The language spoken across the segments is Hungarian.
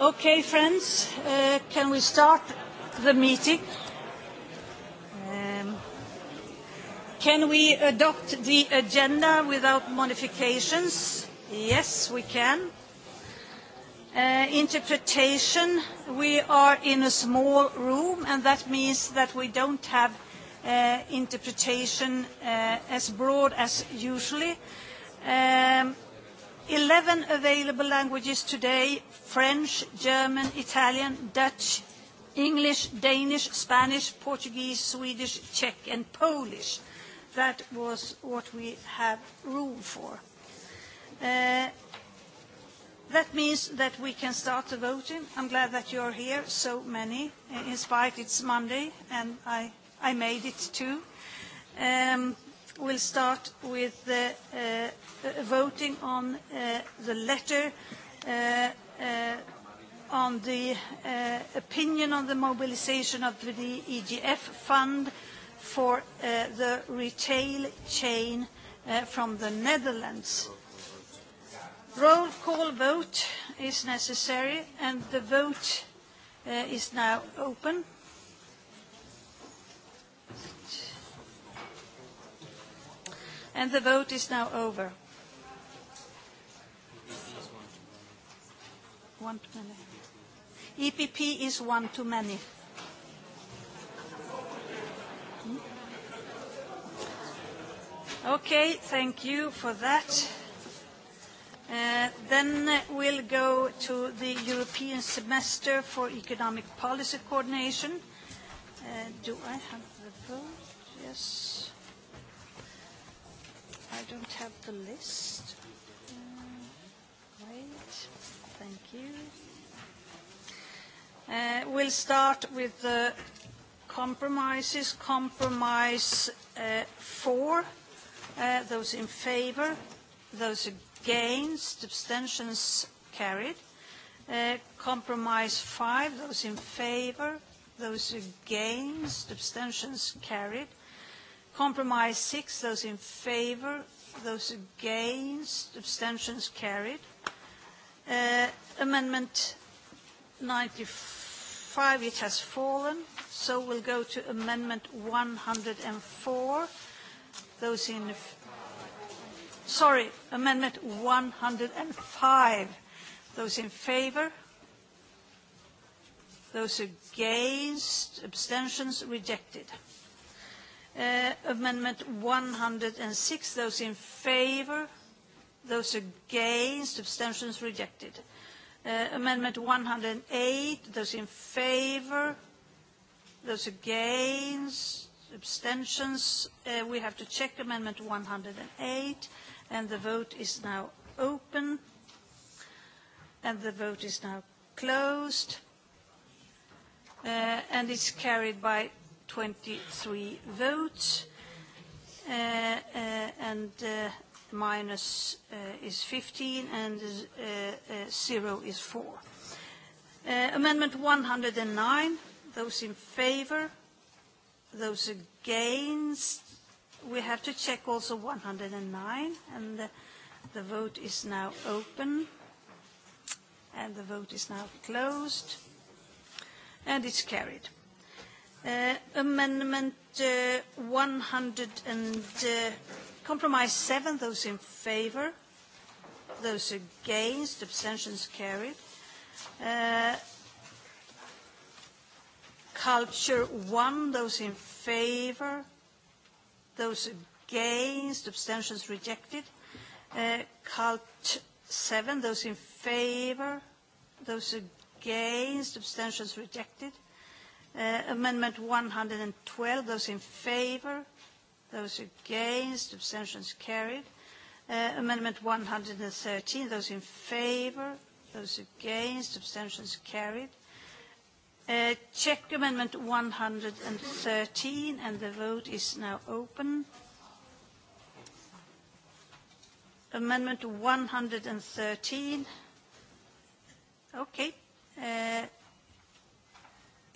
Okay, friends, uh, can we start the meeting? Um, can we adopt the agenda without modifications? Yes, we can. Uh, interpretation, we are in a small room, and that means that we don't have uh, interpretation uh, as broad as usually. Uh, Um, 11 available languages today, French, German, Italian, Dutch, English, Danish, Spanish, Portuguese, Swedish, Czech and Polish. That was what we have room for. Uh, that means that we can start the voting. I'm glad that you're here, so many, uh, in spite it's Monday and I, I made it too. Um, We'll start with the uh, uh, voting on uh, the letter uh, uh, on the uh, opinion on the mobilization of the EGF fund for uh, the retail chain uh, from the Netherlands. Roll call vote is necessary, and the vote uh, is now open. And the vote is now over. One too many. EPP is one too many. Okay, thank you for that. Uh, then we'll go to the European Semester for Economic Policy Coordination. Uh, do I have the vote? Yes. I don't have the list. Uh, wait, thank you. Uh, we'll start with the compromises. Compromise uh, four. Uh, those in favour, those against, abstentions carried. Uh, compromise five. Those in favour, those against, abstentions carried. Compromise six. Those in favour, Those against, abstentions carried. Uh, amendment 95, it has fallen. So we'll go to amendment 104. Those in... Sorry, amendment 105. Those in favor? Those against, abstentions rejected. Uh, amendment 106, those in favor, those against, abstentions rejected. Uh, amendment 108, those in favor, those against, abstentions. Uh, we have to check amendment 108, and the vote is now open, and the vote is now closed. Uh, and it's carried by 23 votes, uh, uh, and uh, minus is 15, and zero is four. amendment 109, those in favor, those against, we have to check also 109, and the vote is now open, and the vote is now closed, and it's carried. Uh, amendment 100 uh, and uh, compromise 7, those in favor, those against, abstentions carried. culture 1, those in favor, those against, abstentions rejected. cult 7, those in favor, those against, abstentions rejected. Uh, amendment 112, those in favor, those against, abstentions carried. Uh, amendment 113, those in favor, those against, abstentions carried. Uh, check amendment 113, and the vote is now open. Amendment 113. Okay,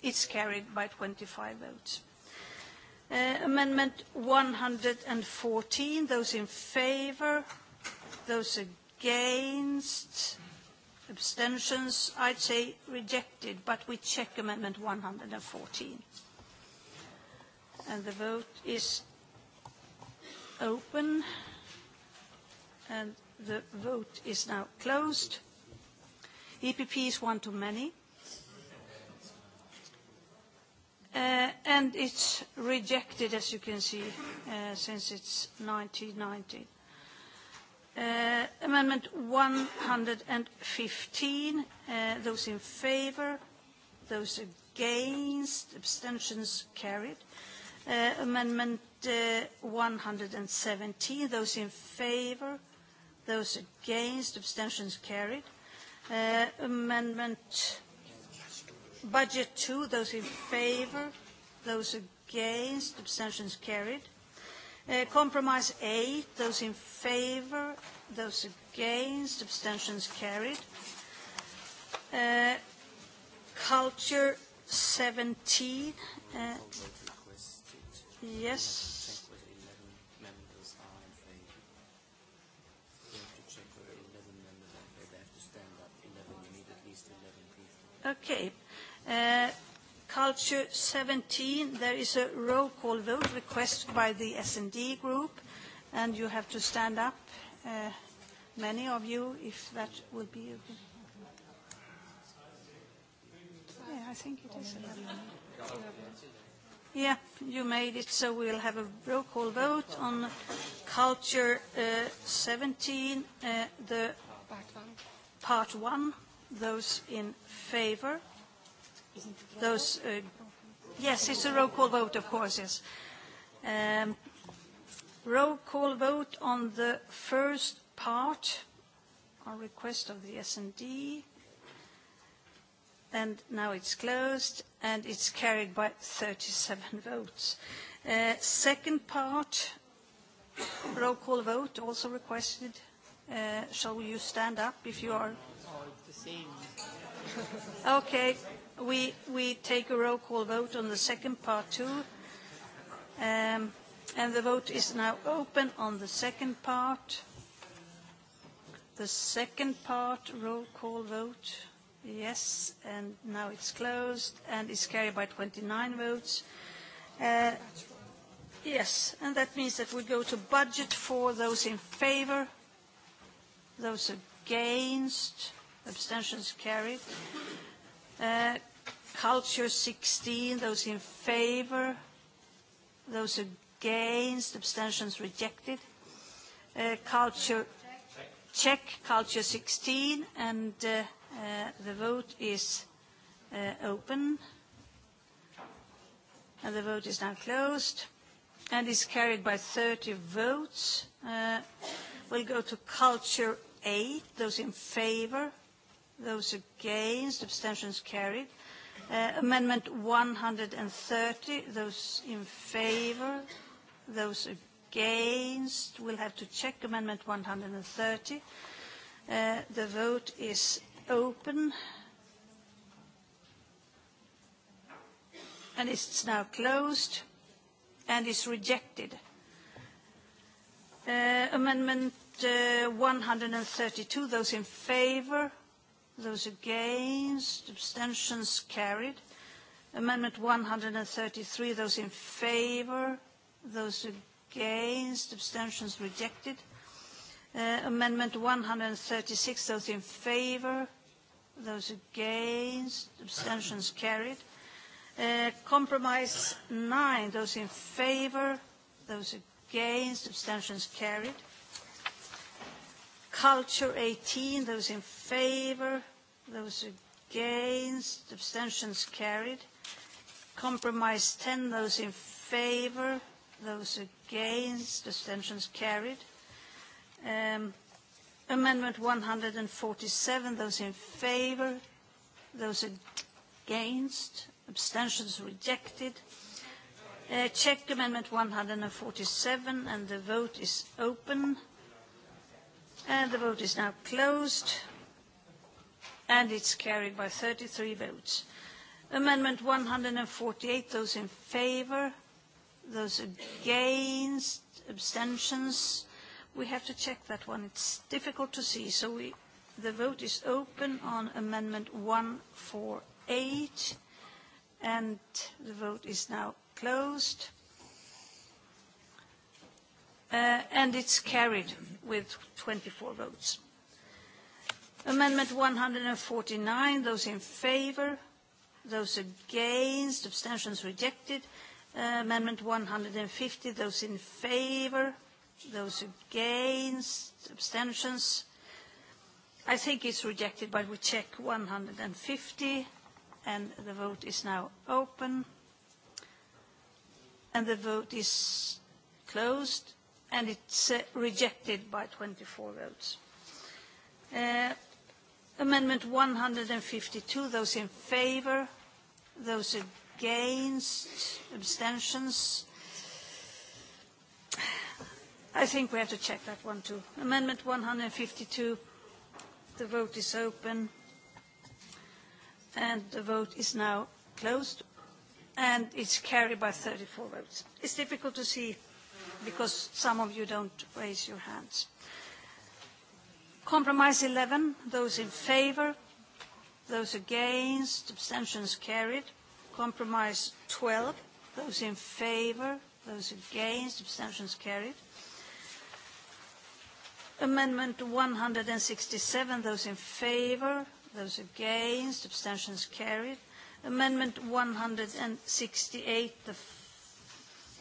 It's carried by 25 votes. Uh, amendment 114, those in favour, those against, abstentions, I'd say rejected, but we check amendment 114. And the vote is open, and the vote is now closed. EPP is one too many. Uh, and it's rejected, as you can see, uh, since it's 1990. Uh, amendment 115, uh, those in favour, those against, abstentions carried. Uh, amendment uh, 117, those in favour, those against, abstentions carried. Uh, amendment Budget 2, those in favor, those against, abstentions carried. Uh, compromise 8, those in favor, those against, abstentions carried. Uh, culture 17. Uh, yes. Okay, Uh, culture 17, there is a roll call vote request by the S&D group, and you have to stand up, uh, many of you, if that would be okay. Yeah, I think it is. Yeah, you made it, so we'll have a roll call vote on Culture uh, 17, uh, the part one. Those in favor? Those, uh, yes, it's a roll call vote, of course, yes. Um, roll call vote on the first part, on request of the S&D. And now it's closed, and it's carried by 37 votes. Uh, second part, roll call vote, also requested. Uh, shall you stand up if you are? Oh, it's the same. okay we, take a roll call vote on the second part too. Um, and the vote is now open on the second part. The second part, roll call vote. Yes, and now it's closed and it's carried by 29 votes. Uh, yes, and that means that we go to budget for those in favor, those against, abstentions carried. Uh, Culture 16, those in favor, those against, abstentions rejected. Uh, culture check. check, Culture 16, and uh, uh, the vote is uh, open. And the vote is now closed and is carried by 30 votes. Uh, we'll go to Culture 8. Those in favor, those against, abstentions carried. Uh, amendment 130, those in favor, those against. We'll have to check amendment 130. Uh, the vote is open. and It's now closed and is rejected. Uh, amendment uh, 132, those in favor, Those against, abstentions carried. Amendment 133, those in favor, those against, abstentions rejected. Uh, amendment 136, those in favor, those against, abstentions carried. Uh, compromise 9, those in favor, those against, abstentions carried. Culture 18, those in favor, those against, abstentions carried. Compromise 10, those in favor, those against, abstentions carried. Um, amendment 147, those in favor, those against, abstentions rejected. Uh, check amendment 147 and the vote is open. And the vote is now closed. And it's carried by 33 votes. Amendment 148, those in favor, those against, abstentions. We have to check that one. It's difficult to see. So we, the vote is open on Amendment 148. And the vote is now closed Uh, and it's carried with 24 votes. Amendment 149, those in favor, those against, abstentions rejected. Uh, amendment 150, those in favor, those against, abstentions. I think it's rejected, but we check 150, and the vote is now open. And the vote is closed and it's uh, rejected by 24 votes. Uh, amendment 152, those in favour, those against, abstentions. I think we have to check that one too. Amendment 152, the vote is open and the vote is now closed and it's carried by 34 votes. It's difficult to see because some of you don't raise your hands. Compromise 11, those in favor, those against, abstentions carried. Compromise 12, those in favor, those against, abstentions carried. Amendment 167, those in favor, those against, abstentions carried. Amendment 168, the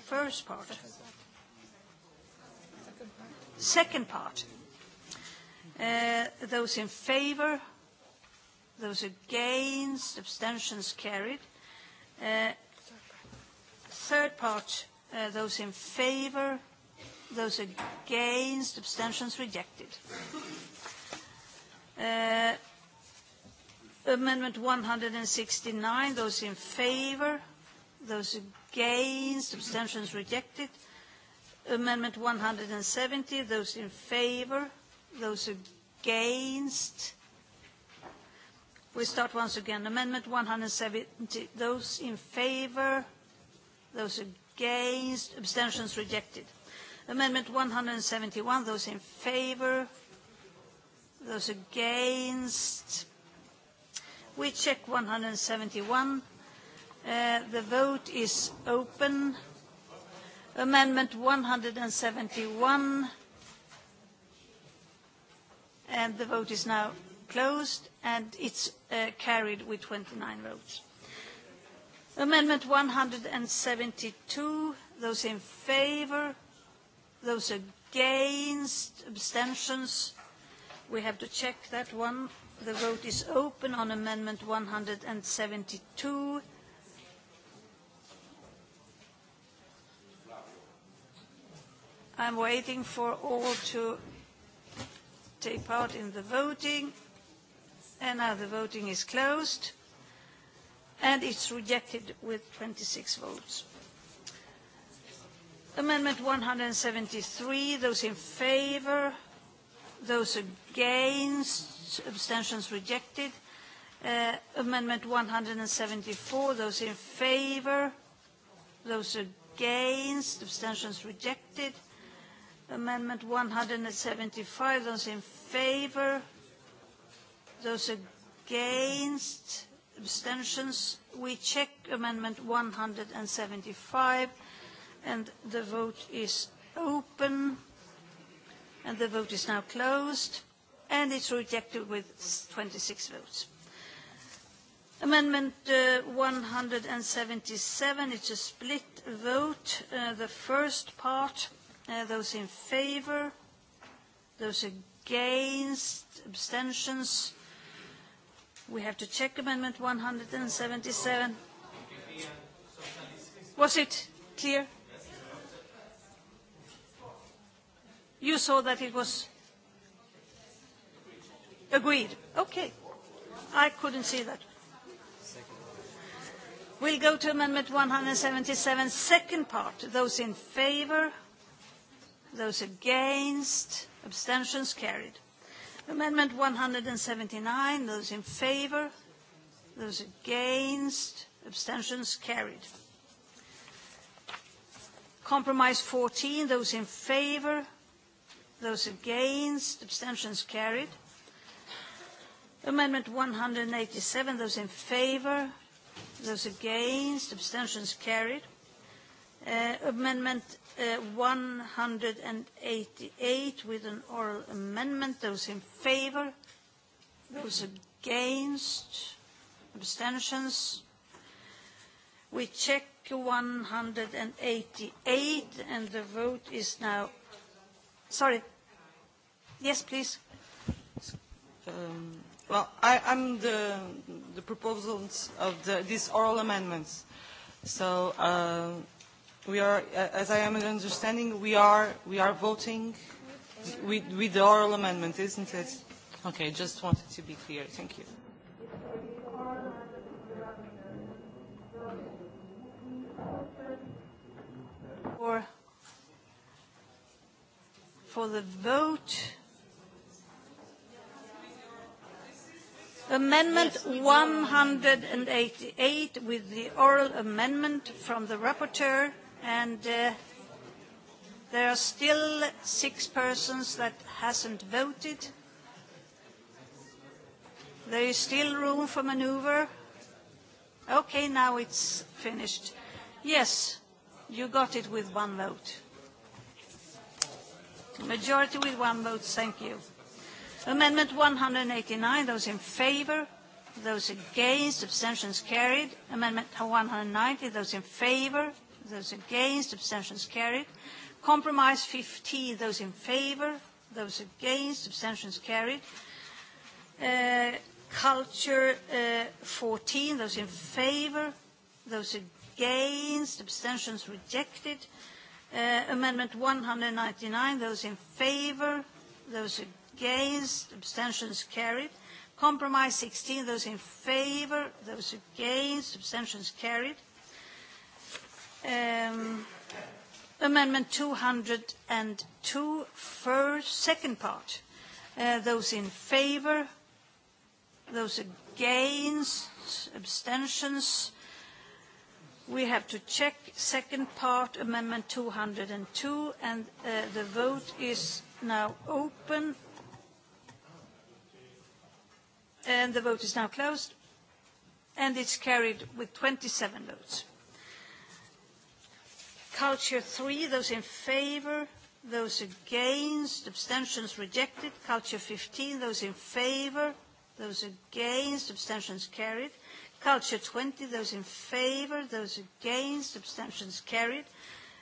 first part. Second part. Uh, those in favour, those against, abstentions carried. Uh, third part, uh, those in favour, those against, abstentions rejected. Uh, amendment 169, those in favour, those against, abstentions rejected. Amendment 170, those in favor, those against. We start once again. Amendment 170, those in favor, those against, abstentions rejected. Amendment 171, those in favor, those against. We check 171. Uh, the vote is open. Amendment 171. And the vote is now closed, and it's uh, carried with 29 votes. Amendment 172, those in favor, those against, abstentions. We have to check that one. The vote is open on Amendment 172. I'm waiting for all to take part in the voting. And now the voting is closed. And it's rejected with 26 votes. Amendment 173, those in favor, those against, abstentions rejected. Uh, amendment 174, those in favor, those against, abstentions rejected. Amendment 175, those in favor, those against, abstentions. We check Amendment 175, and the vote is open, and the vote is now closed, and it's rejected with 26 votes. Amendment 177, uh, it's a split vote. Uh, the first part Uh, those in favor? Those against? Abstentions? We have to check Amendment 177. Was it clear? You saw that it was agreed. Okay. I couldn't see that. We'll go to Amendment 177, second part. Those in favour? Those against? Abstentions carried. Amendment 179. Those in favor? Those against? Abstentions carried. Compromise 14. Those in favor? Those against? Abstentions carried. Amendment 187. Those in favor? Those against? Abstentions carried. Uh, amendment 188 uh, with an oral amendment. Those in favor? Those against? Abstentions? We check 188, and the vote is now... Sorry. Yes, please. Um, well, I, I'm the, the proposals of the, these oral amendments. So... Uh, we are, as I am understanding, we are, we are voting with, with the oral amendment, isn't it? Okay, just wanted to be clear. Thank you. For, for the vote, Amendment 188 with the oral amendment from the rapporteur and uh, there are still six persons that hasn't voted. There is still room for maneuver. Okay, now it's finished. Yes, you got it with one vote. Majority with one vote, thank you. Amendment 189, those in favour, those against, abstentions carried. Amendment 190, those in favour, those against, abstentions carried. Compromise 15, those in favor, those against, abstentions carried. Uh, culture uh, 14, those in favor, those against, abstentions rejected. Uh, amendment 199, those in favor, those against, abstentions carried. Compromise 16, those in favor, those against, abstentions carried. Um, amendment 202, first, second part. Uh, those in favor, those against, abstentions. We have to check second part, amendment 202, and uh, the vote is now open. And the vote is now closed, and it's carried with 27 votes. Culture 3, those in favour, those against, abstentions rejected. Culture 15, those in favour, those against, abstentions carried. Culture 20, those in favour, those against, abstentions carried.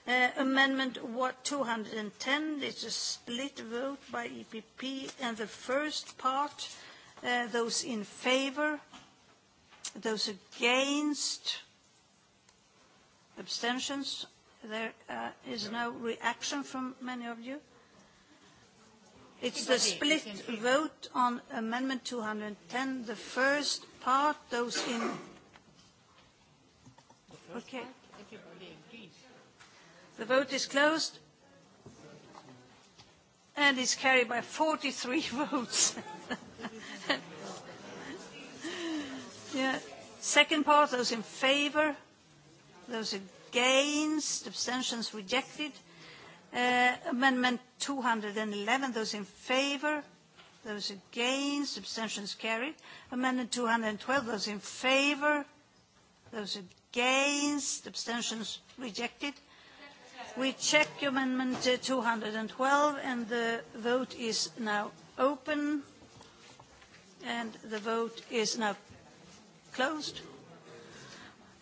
Uh, amendment what 210, it's a split vote by EPP, and the first part, uh, those in favour, those against, abstentions There uh, is no reaction from many of you. It's the split vote on Amendment 210, the first part, those in... Okay. The vote is closed and is carried by 43 votes. yeah. Second part, those in favour, those against, abstentions rejected. Uh, amendment 211, those in favour, those against, abstentions carried. Amendment 212, those in favour, those against, abstentions rejected. We check amendment 212 uh, and the vote is now open and the vote is now closed.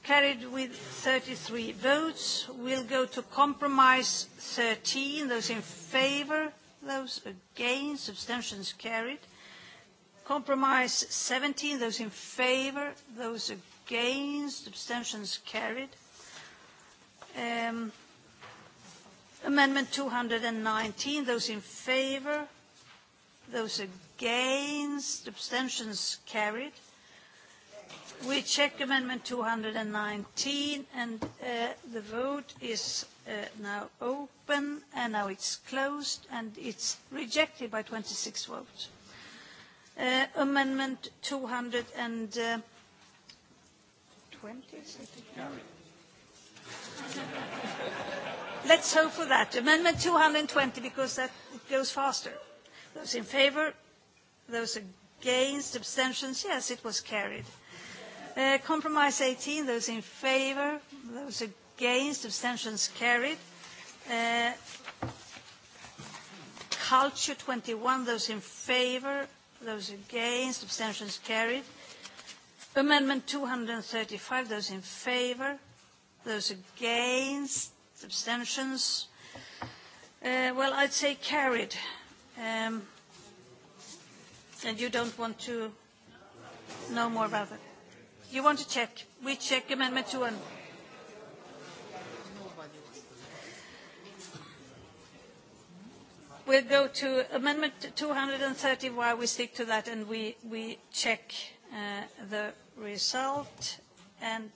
Carried with 33 votes. We'll go to compromise 13. Those in favour, those against, abstentions carried. Compromise 17. Those in favour, those against, abstentions carried. Um, amendment 219. Those in favour, those against, abstentions carried. We check amendment 219, and uh, the vote is uh, now open, and now it's closed, and it's rejected by 26 votes. Uh, amendment 220, uh, Let's hope for that. Amendment 220, because that goes faster. Those in favor? Those against? Abstentions? Yes, it was carried. Uh, compromise 18, those in favour, those against, abstentions carried. Uh, culture 21, those in favour, those against, abstentions carried. Amendment 235, those in favour, those against, abstentions. Uh, well, I'd say carried. Um, and you don't want to know more about it? You want to check? We check Amendment 200. We'll go to Amendment 230 while we stick to that and we, we check uh, the result. And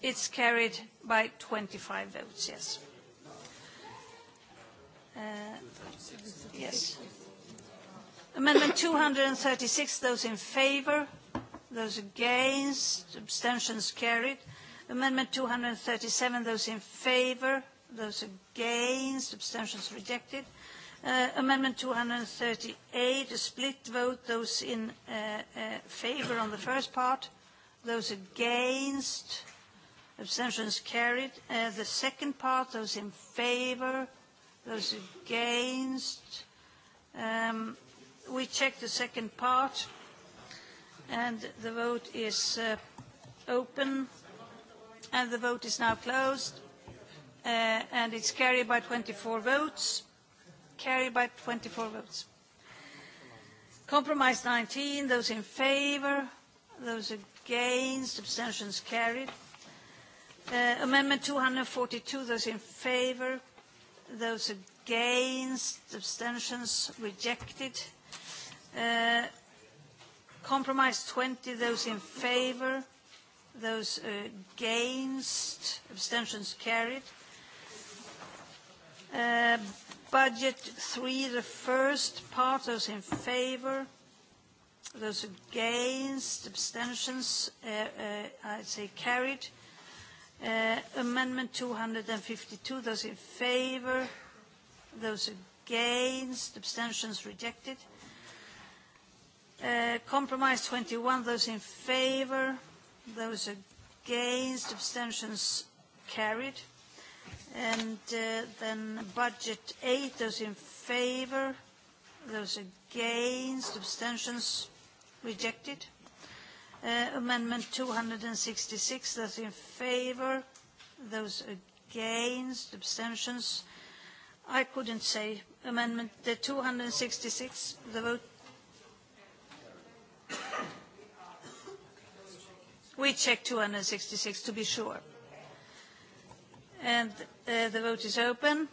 it's carried by 25 votes, yes. Uh, yes. Amendment 236, those in favour, Those against? Abstentions carried. Amendment 237, those in favor? Those against? Abstentions rejected. Uh, amendment 238, a split vote, those in uh, uh, favor on the first part, those against, abstentions carried. Uh, the second part, those in favor, those against. Um, we check the second part and the vote is uh, open and the vote is now closed uh, and it's carried by 24 votes carried by 24 votes compromise 19 those in favor those against abstentions carried uh, amendment 242 those in favor those against abstentions rejected uh, Compromise 20, those in favor, those against, abstentions carried. Uh, budget 3, the first part, those in favor, those against, abstentions, uh, uh, I'd say carried. Uh, amendment 252, those in favor, those against, abstentions rejected. Uh, compromise 21, those in favor, those against, abstentions carried. And uh, then budget 8, those in favor, those against, abstentions rejected. Uh, amendment 266, those in favor, those against, abstentions. I couldn't say. Amendment the 266, the vote We check 266 to be sure. And uh, the vote is open.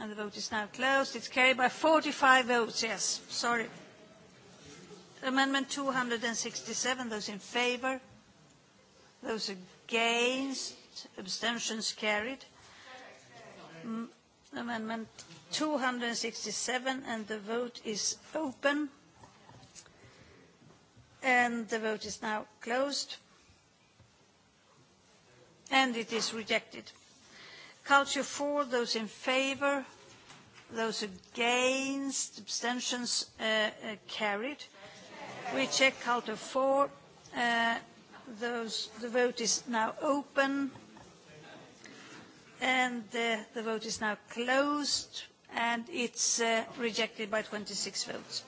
And the vote is now closed. It's carried by 45 votes, yes. Sorry. Amendment 267, those in favour. Those against, abstentions carried. Mm, amendment 267, and the vote is open. And the vote is now closed and it is rejected. Culture 4, those in favor, those against, abstentions uh, uh, carried. We check Culture 4. Uh, those, the vote is now open, and uh, the vote is now closed, and it's uh, rejected by 26 votes.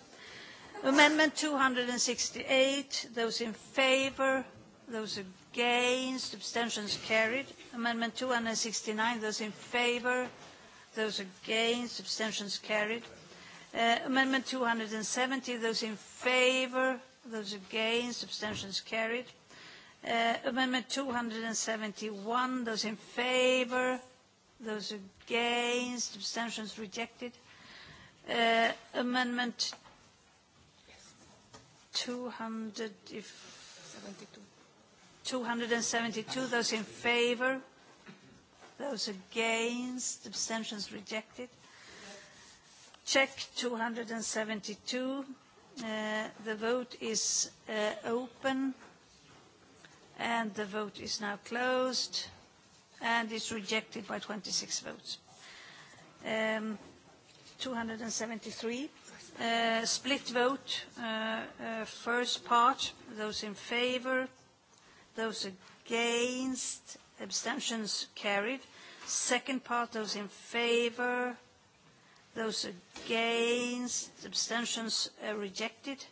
Amendment 268, those in favor, those against, against, abstentions carried. Amendment 269, those in favour, those against, abstentions carried. Uh, amendment 270, those in favour, those against, abstentions carried. Uh, amendment 271, those in favour, those against, abstentions rejected. Uh, amendment 272. 272, those in favor, those against, abstentions rejected. Check 272. Uh, the vote is uh, open, and the vote is now closed, and is rejected by 26 votes. Um, 273. Uh, split vote, uh, uh, first part, those in favor, Those against, abstentions carried. Second part, those in favor, those against, abstentions are uh, rejected.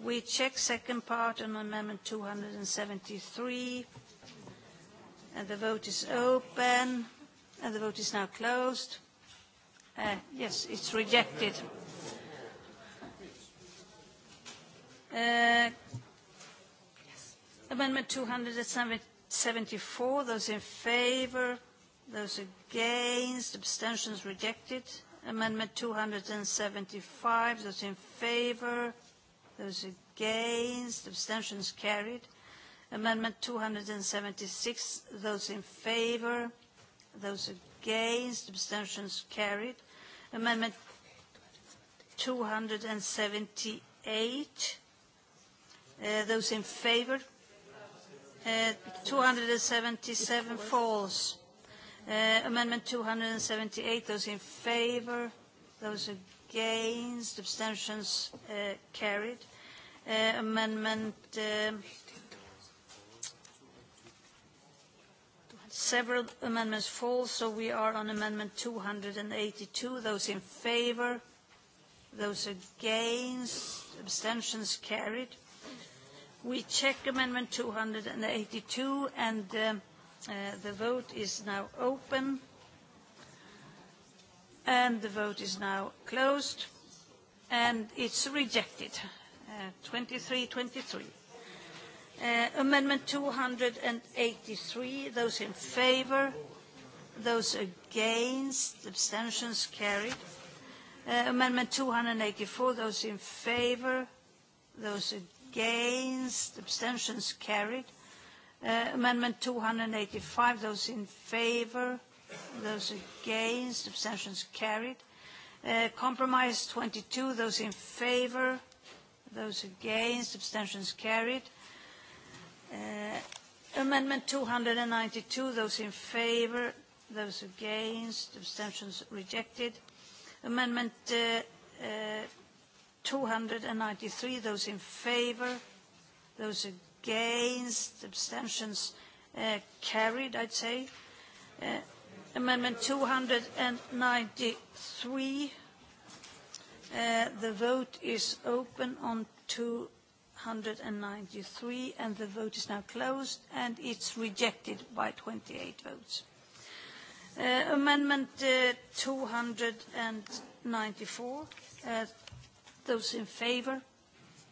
We check second part on Amendment 273. And the vote is open. And the vote is now closed. Uh, yes, it's rejected. Uh, Amendment 274, those in favour, those against, abstentions rejected. Amendment 275, those in favour, those against, abstentions carried. Amendment 276, those in favour, those against, abstentions carried. Amendment 278, uh, those in favour, 277 uh, falls. Uh, amendment 278, those in favour, those against, abstentions uh, carried. Uh, amendment um, several amendments fall, so we are on amendment 282. Those in favour, those against, abstentions carried. We check amendment 282, and um, uh, the vote is now open. And the vote is now closed, and it's rejected. 2323. Uh, 23 uh, amendment 283, those in favor, those against, abstentions carried. Uh, amendment 284, those in favor, those against, against, abstentions carried. Uh, amendment 285, those in favour, those against, abstentions carried. Uh, compromise 22, those in favour, those against, abstentions carried. Uh, amendment 292, those in favour, those against, abstentions rejected. Amendment uh, uh, 293, those in favor, those against, abstentions uh, carried, I'd say. Uh, amendment 293, uh, the vote is open on 293, and the vote is now closed, and it's rejected by 28 votes. amendment 294, Those in favor?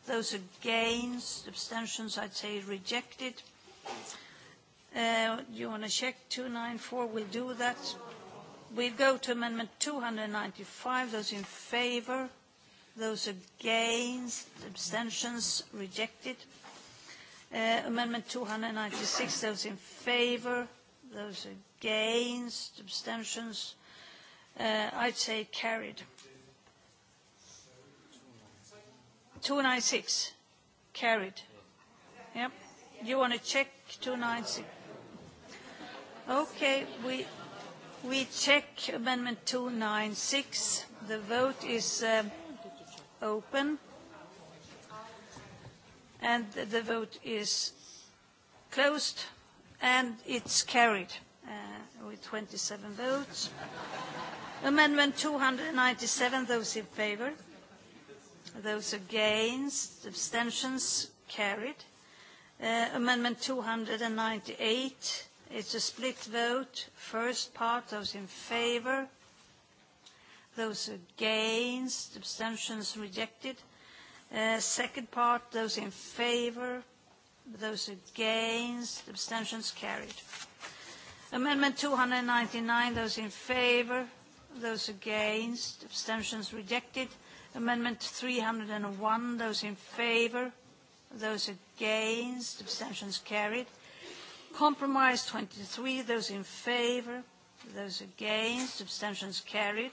Those against? Abstentions, I'd say rejected. Uh, you want to check 294? We'll do that. We go to amendment 295. Those in favor? Those against? Abstentions, rejected. Uh, amendment 296, those in favor, those against, abstentions, uh, I'd say carried. 296 carried. Yep. You want to check 296? Okay, we we check amendment 296. The vote is uh, open. And the vote is closed, and it's carried uh, with 27 votes. amendment 297, those in favor. Those against, abstentions carried. Uh, amendment 298, it's a split vote. First part, those in favor. Those against, abstentions rejected. Uh, second part, those in favor. Those against, abstentions carried. Amendment 299, those in favor. Those against, abstentions rejected. Amendment 301, those in favour, those against, abstentions carried. Compromise 23, those in favour, those against, abstentions carried.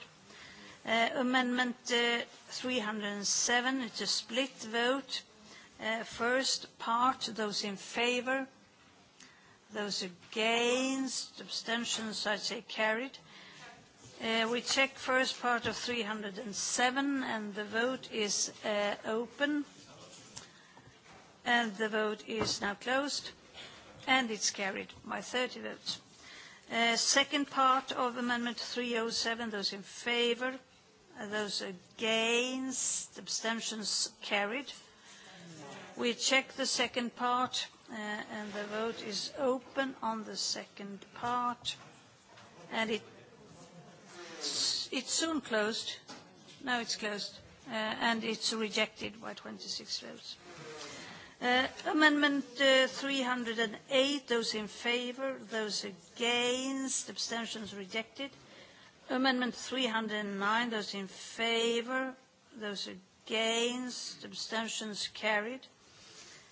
Uh, amendment uh, 307, it's a split vote. Uh, first part, those in favour, those against, abstentions, I say carried. Uh, Uh, we check first part of 307, and the vote is uh, open. And the vote is now closed, and it's carried by 30 votes. Uh, second part of Amendment 307, those in favor, those against, abstentions carried. We check the second part, uh, and the vote is open on the second part, and it it's, soon closed. Now it's closed. Uh, and it's rejected by 26 votes. Uh, amendment uh, 308, those in favor, those against, abstentions rejected. Amendment 309, those in favor, those against, abstentions carried.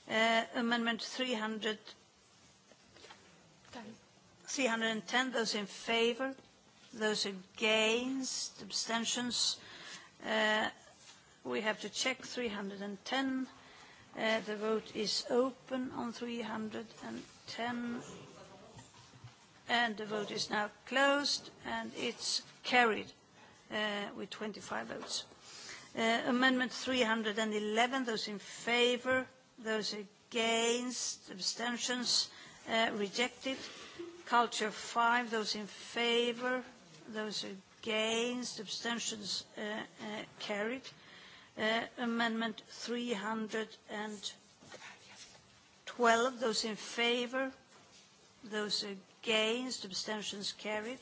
Uh, amendment 300, 310, those in favor, Those against, abstentions. Uh, we have to check 310. Uh, the vote is open on 310. And the vote is now closed, and it's carried uh, with 25 votes. Uh, amendment 311, those in favor, those against, abstentions, uh, rejected. Culture 5, those in favor, Those against, abstentions uh, uh, carried. Uh, amendment 312. Those in favor? Those against, abstentions carried.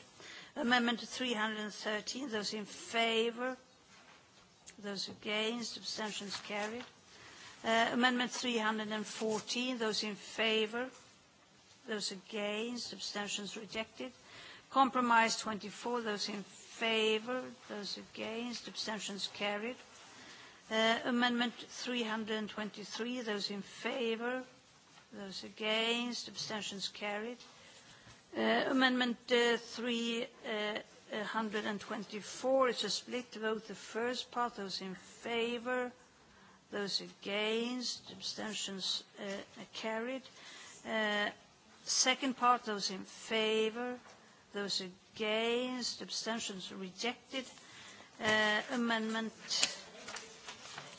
Amendment 313. Those in favor? Those against, abstentions carried. Uh, amendment 314. Those in favor? Those against, abstentions rejected. Compromise 24, those in favor, those against, abstentions carried. Uh, amendment 323, those in favor, those against, abstentions carried. Uh, amendment uh, 324, uh, it's a split vote, the first part, those in favor, those against, abstentions uh, carried. Uh, second part, those in favor, Those against, abstentions rejected. Uh, amendment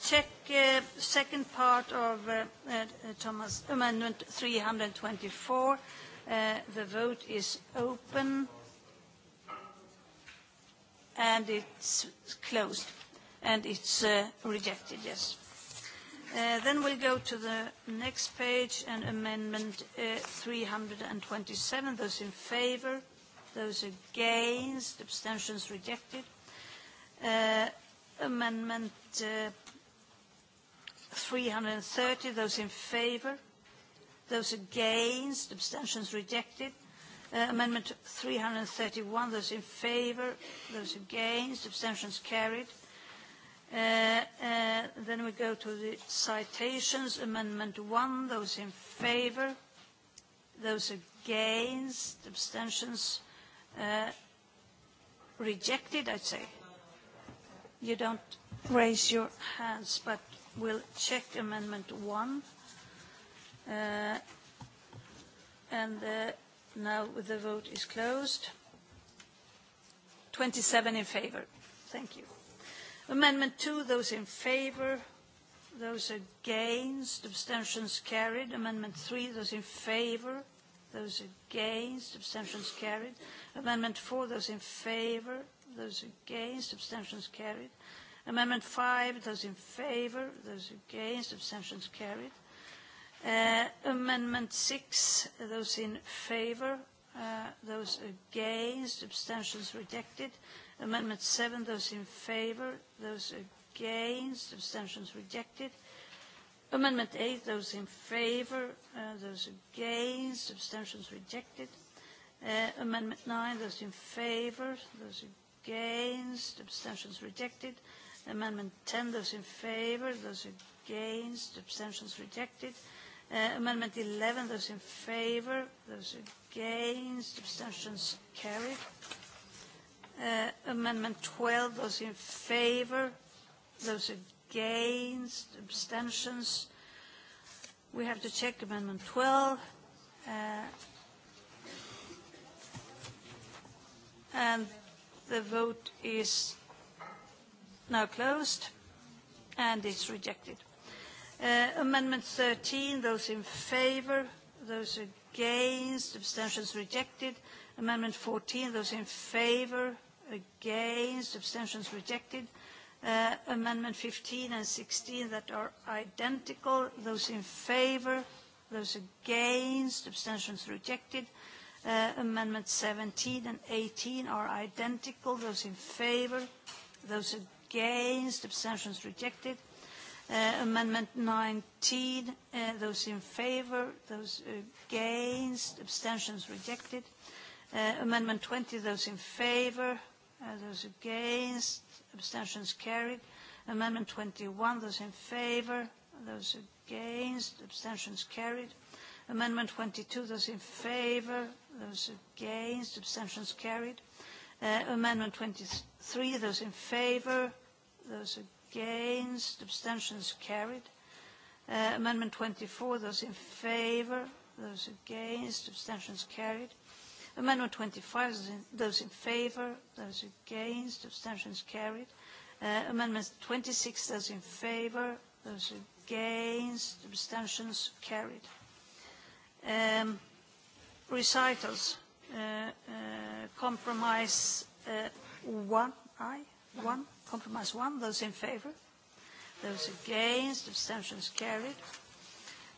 check uh, second part of uh, uh, Thomas Amendment 324. Uh, the vote is open and it's closed and it's uh, rejected, yes. Uh, then we'll go to the next page and amendment uh, 327. Those in favour, Those against, abstentions rejected. Uh, amendment uh, 330, those in favour. Those against, abstentions rejected. Uh, amendment 331, those in favour. Those against, abstentions carried. Uh, uh, then we go to the citations. Amendment 1, those in favour. Those against, abstentions Uh, rejected, I'd say. You don't raise your hands, but we'll check Amendment 1. Uh, and uh, now the vote is closed. 27 in favor. Thank you. Amendment 2, those in favor. Those against, abstentions carried. Amendment 3, those in favor Those against, abstentions carried. Amendment 4, those in favor. Those against, abstentions carried. Amendment 5, those in favor. Those against, abstentions carried. Uh, amendment 6, those in favor. Uh, those against, abstentions rejected. Amendment 7, those in favor. Those against, abstentions rejected. Uh, Amendment 8, those in favour, uh, those against, abstentions rejected. Uh, amendment 9, those in favour, those against, abstentions rejected. Amendment 10, those in favour, those against, abstentions rejected. Uh, amendment 11, those in favour, those against, abstentions carried. Uh, amendment 12, those in favour, those against against, abstentions. We have to check Amendment 12. Uh, and the vote is now closed, and it's rejected. Uh, amendment 13, those in favor, those against, abstentions rejected. Amendment 14, those in favor, against, abstentions rejected. Uh, amendment 15 and 16 that are identical. Those in favor, those against, abstentions rejected. Uh, amendment 17 and 18 are identical. Those in favor, those against, abstentions rejected. Uh, amendment 19, uh, those in favor, those against, abstentions rejected. Uh, amendment 20, those in favor, those against, abstentions carried. Amendment 21, those in favor, those against, abstentions carried. Amendment 22, those in favor, those against, abstentions carried. Uh, amendment 23, those in favor, those against, abstentions carried. Uh, amendment 24, those in favor, those against, abstentions carried. Amendment 25, those in favour, those against, abstentions carried. Uh, amendment 26, those in favour, those against, abstentions carried. Um, recitals, uh, uh, compromise uh, 1, I, 1, compromise 1, those in favour, those against, abstentions carried.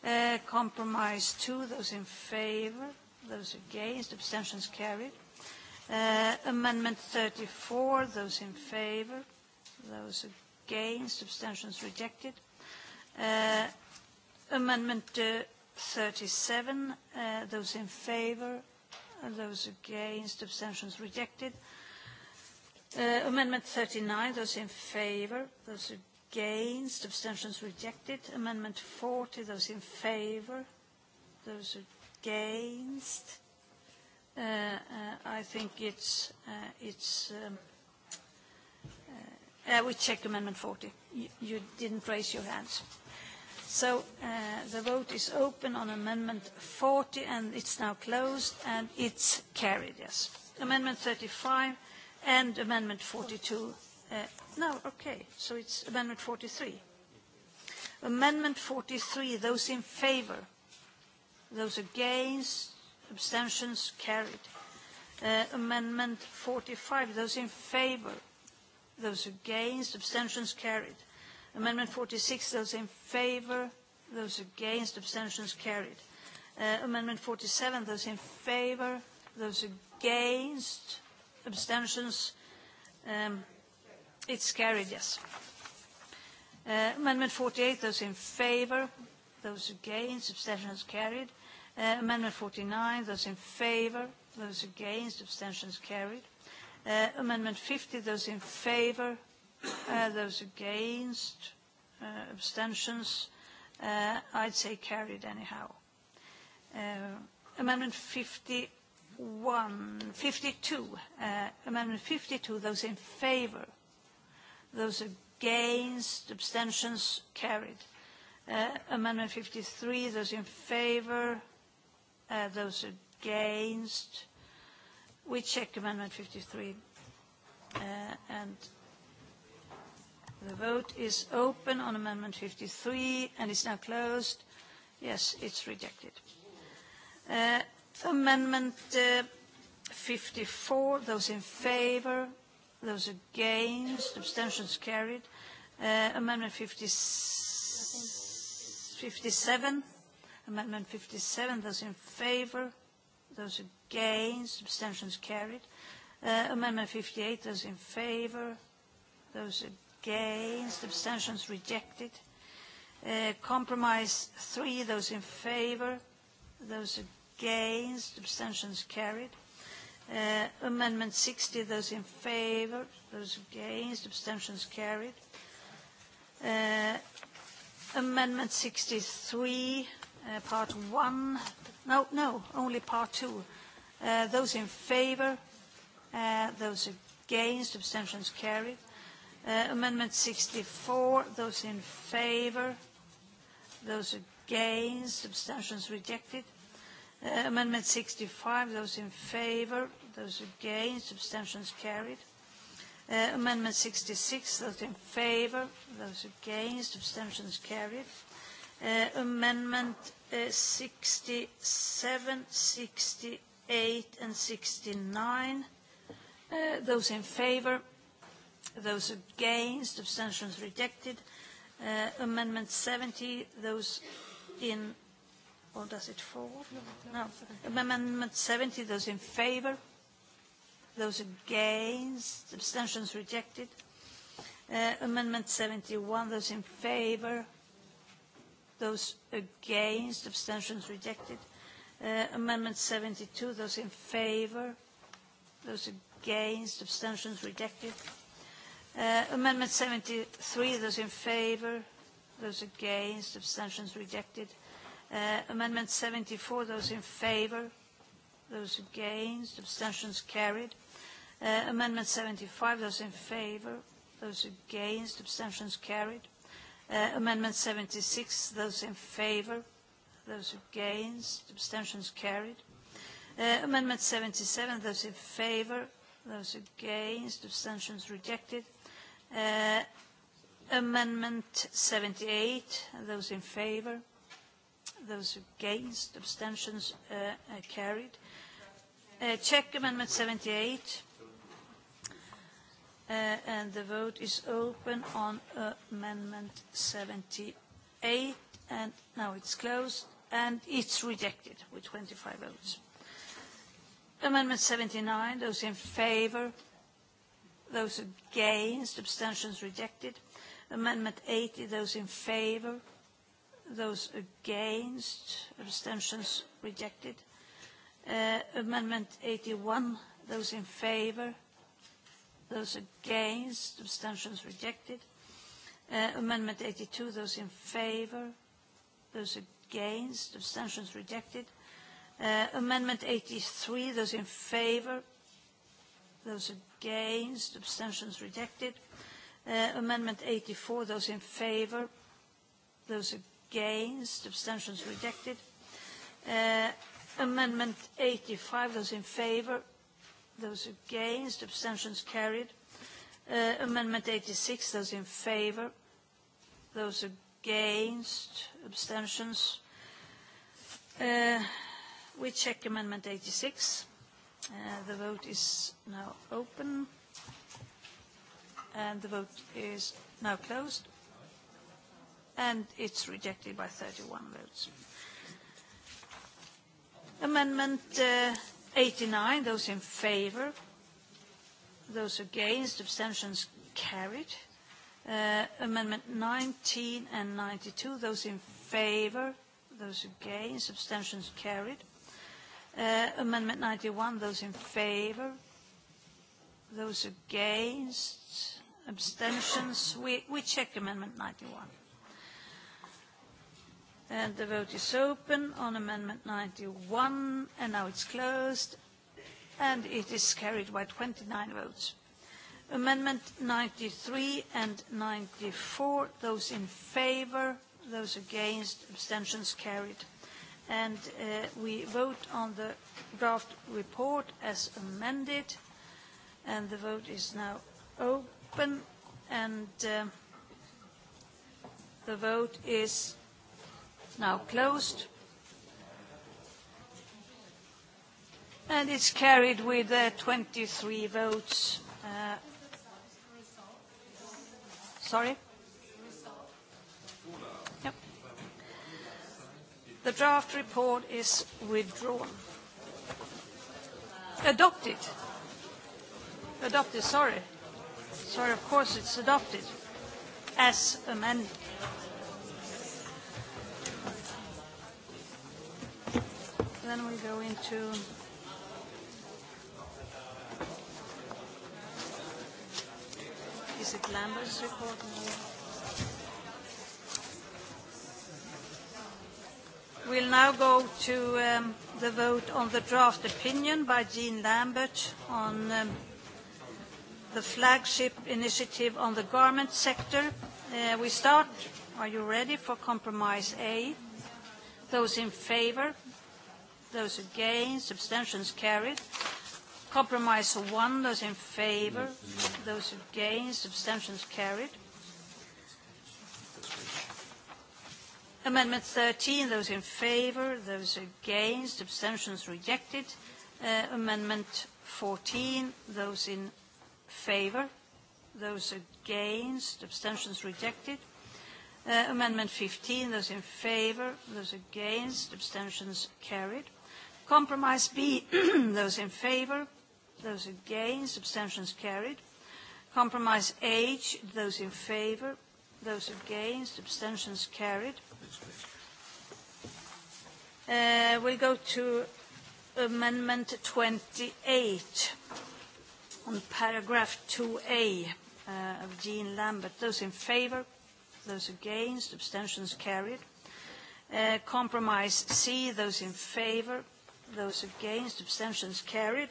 Uh, compromise 2, those in favour, Those against, abstentions carried. Uh, amendment 34, those in favor. Those against, abstentions rejected. Uh, amendment uh, 37, uh, those in favor. Those against, abstentions rejected. Uh, amendment 39, those in favor. Those against, abstentions rejected. Amendment 40, those in favor. Those against against. Uh, uh, I think it's, uh, it's um, uh, uh we check Amendment 40. You, you didn't raise your hands. So uh, the vote is open on Amendment 40 and it's now closed and it's carried, yes. Amendment 35 and Amendment 42. Uh, no, okay, so it's Amendment 43. Amendment 43, those in favour, Those against? Abstentions carried. Uh, amendment 45. Those in favor? Those against? Abstentions carried. Amendment 46. Those in favor? Those against? Abstentions carried. Uh, amendment 47. Those in favor? Those against? Abstentions? Um, it's carried, yes. Uh, amendment 48. Those in favor? Those against? Abstentions carried. Uh, amendment 49, those in favour, those against, abstentions carried. Uh, amendment 50, those in favour, uh, those against, abstentions, I'd say carried anyhow. amendment 51, 52, amendment 52, those in favour, those against, abstentions carried. amendment 53, those in favour, Uh, those against, we check Amendment 53. Uh, and the vote is open on Amendment 53 and it's now closed. Yes, it's rejected. Uh, amendment uh, 54, those in favour, those against, abstentions carried. Uh, amendment 50, 57. Amendment 57, those in favour, those against, abstentions carried. Uh, amendment 58, those in favour, those against, abstentions rejected. Uh, compromise 3, those in favour, those against, abstentions carried. Uh, amendment 60, those in favour, those against, abstentions carried. Uh, amendment 63, Uh, part one. No, no, only part two. Uh, those in favor, uh, those against, abstentions carried. Uh, amendment 64, those in favor, those against, abstentions rejected. Uh, amendment 65, those in favor, those against, abstentions carried. Uh, amendment 66, those in favor, those against, abstentions carried. Uh, amendment uh, 67, 68 and 69. Uh, eh, those in favour, those against, abstentions rejected. Uh, amendment 70, those in, or does it fall? No. Amendment 70, those in favour, those against, abstentions rejected. Uh, amendment 71, those in favour, Those against, abstentions rejected. Uh, amendment 72, those in favor. Those against, abstentions rejected. Uh, amendment 73, those in favor. Those against, abstentions rejected. Uh, amendment 74, those in favor. Those against, abstentions carried. Uh, amendment 75, those in favor. Those against, abstentions carried. Uh, amendment 76, those in favour, those against, abstentions carried. Uh, amendment 77, those in favour, those against, abstentions rejected. Uh, amendment 78, those in favour, those against, abstentions uh, uh, carried. Uh, check amendment 78. Eh, and the vote is open on amendment 78 and now it's closed and it's rejected with 25 votes. Amendment 79, those in favour, those against, abstentions rejected. Amendment 80, those in favour, those against, abstentions rejected. Uh, amendment 81, those in favour, Those against, abstentions rejected. Uh, amendment 82, those in favor. Those against, abstentions rejected. Uh, amendment 83, those in favor. Those against, abstentions rejected. Uh, amendment 84, those in favor. Those against, abstentions rejected. Uh, amendment 85, those in favor. Those against, abstentions carried. Uh, amendment 86, those in favor. Those against, abstentions. Uh, we check amendment 86. Uh, the vote is now open. And the vote is now closed. And it's rejected by 31 votes. Amendment uh, 89, those in favor, those against, abstentions carried. Uh, amendment 19 and 92, those in favor, those against, abstentions carried. Uh, amendment 91, those in favor, those against, abstentions. We, we check amendment 91. And the vote is open on Amendment 91, and now it's closed, and it is carried by 29 votes. Amendment 93 and 94, those in favor, those against, abstentions carried. And uh, we vote on the draft report as amended, and the vote is now open, and uh, the vote is Now closed. And it's carried with uh, 23 votes. Uh, sorry? Yep. The draft report is withdrawn. Adopted. Adopted, sorry. Sorry, of course it's adopted as amended. then we go into is it Lambert's report? We'll now go to um, the vote on the draft opinion by Jean Lambert on um, the flagship initiative on the garment sector. Uh, we start. Are you ready for compromise A? Those in favor? Those against, abstentions carried. Compromise one those in favor. Those against, abstentions carried. Amendment 13, those in favor. Those against, abstentions rejected. Uh, amendment 14, those in favor. Those against, abstentions rejected. Uh, amendment 15, those in favor. Those against, abstentions carried. Compromise B, those in favor, those against, abstentions carried. Compromise H, those in favor, those against, abstentions carried. Uh, we'll go to Amendment 28 on paragraph 2A uh, of Jean Lambert. Those in favor, those against, abstentions carried. Uh, compromise C, those in favour, Those against, abstentions carried.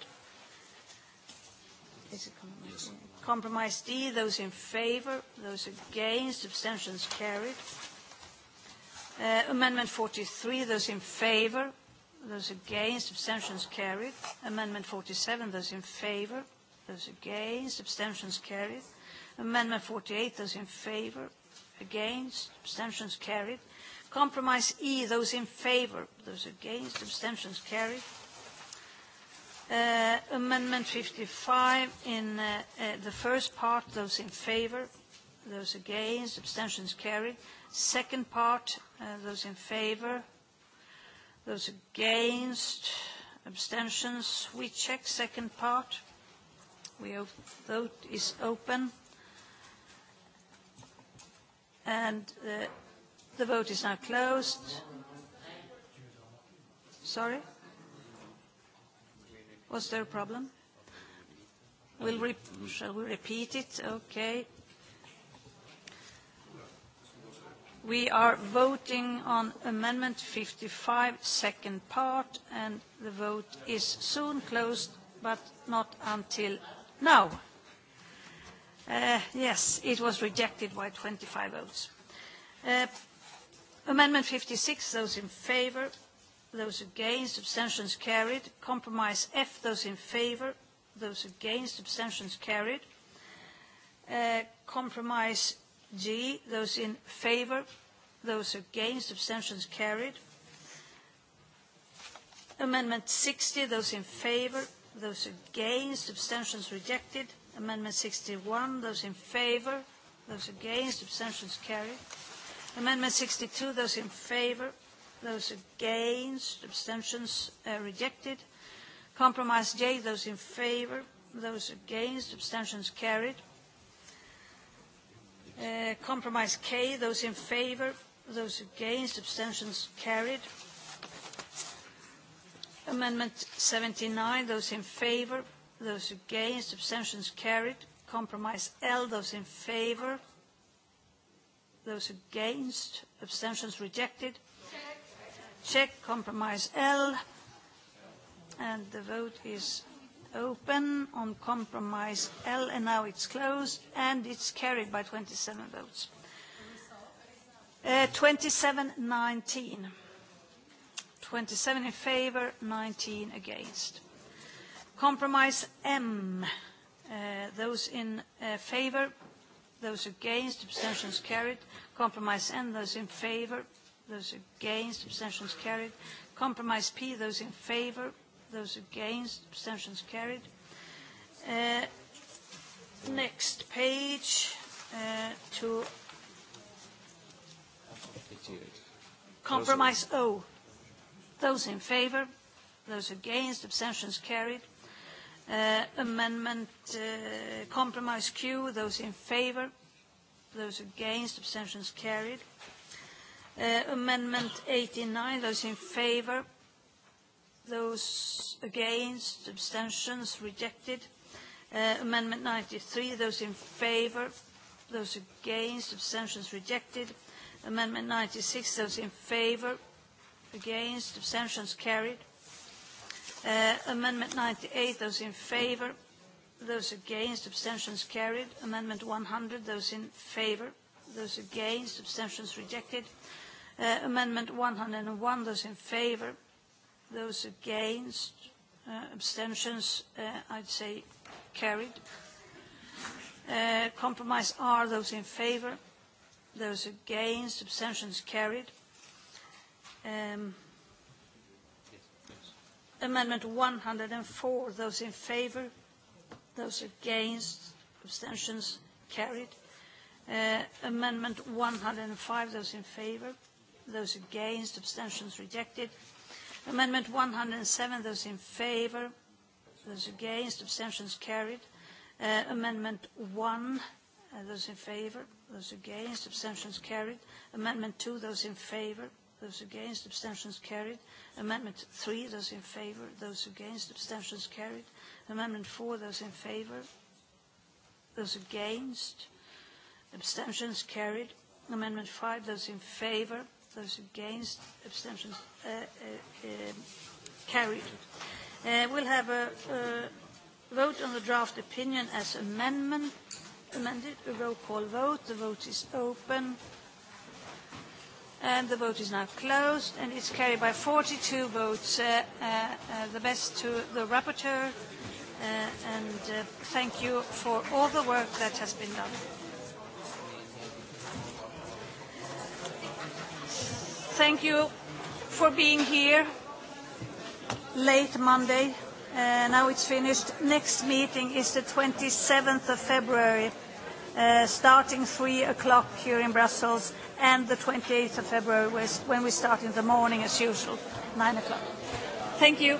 Is it compromise? Yes. Compromise D, those in favor, those against, abstentions carried. Uh, amendment 43, those in favor, those against, abstentions carried. Amendment 47, those in favor, those against, abstentions carried. Amendment 48, those in favor, against, abstentions carried. Compromise E, those in favour, those against, abstentions carried. Uh, amendment 55 in uh, uh, the first part, those in favour, those against, abstentions carried. Second part, uh, those in favour, those against, abstentions. We check second part. We vote is open. And uh, The vote is now closed. Sorry? Was there a problem? We'll re shall we repeat it? Okay. We are voting on Amendment 55, second part, and the vote is soon closed, but not until now. Uh, yes, it was rejected by 25 votes. Uh, Amendment 56, those in favour, those against, abstentions carried. Compromise F, those in favour, those against, abstentions carried. Uh, compromise G, those in favour, those against, abstentions carried. Amendment 60, those in favour, those against, abstentions rejected. Amendment 61, those in favour, those against, abstentions carried. Amendment 62, those in favor, those against, abstentions uh, rejected. Compromise J, those in favor, those against, abstentions carried. Uh, compromise K, those in favor, those against, abstentions carried. Amendment 79, those in favor, those against, abstentions carried. Compromise L, those in favor, Those against? Abstentions rejected. Check compromise L. And the vote is open on compromise L, and now it's closed, and it's carried by 27 votes. Uh, 27, 19. 27 in favor, 19 against. Compromise M. Uh, those in uh, favor, those against, abstentions carried. Compromise N, those in favor, those against, abstentions carried. Compromise P, those in favor, those against, abstentions carried. Uh, next page uh, to compromise O. Those in favor, those against, abstentions carried. Uh, amendment uh, compromise Q, those in favor, those against, abstentions carried. Uh, amendment 89, those in favor, those against, abstentions rejected. Uh, amendment 93, those in favor, those against, abstentions rejected. Amendment 96, those in favor, against, abstentions carried. Uh, amendment 98, those in favour. Those against, abstentions carried. Amendment 100, those in favour. Those against, abstentions rejected. Uh, amendment 101, those in favour. Those against, uh, abstentions, uh, I'd say carried. Uh, compromise R, those in favour. Those against, abstentions carried. Um, Amendment 104, those in favour, those against, abstentions carried. Uh, amendment 105, those in favour, those against, abstentions rejected. Amendment 107, those in favour, those against, abstentions carried. Uh, amendment 1, uh, those in favour, those against, abstentions carried. Amendment 2, those in favour, Those against, abstentions carried. Amendment 3, those in favor. Those against, abstentions carried. Amendment 4, those in favor. Those against, abstentions carried. Amendment 5, those in favor. Those against, abstentions uh, uh, uh, carried. Uh, we'll have a uh, vote on the draft opinion as amendment, amended, a roll call vote. The vote is open. And the vote is now closed, and it's carried by 42 votes. Uh, uh, uh, the best to the rapporteur, uh, and uh, thank you for all the work that has been done. Thank you for being here late Monday. Uh, now it's finished. Next meeting is the 27th of February Uh, starting 3 o'clock here in Brussels, and the 28th of February when we start in the morning as usual, 9 o'clock. Thank you.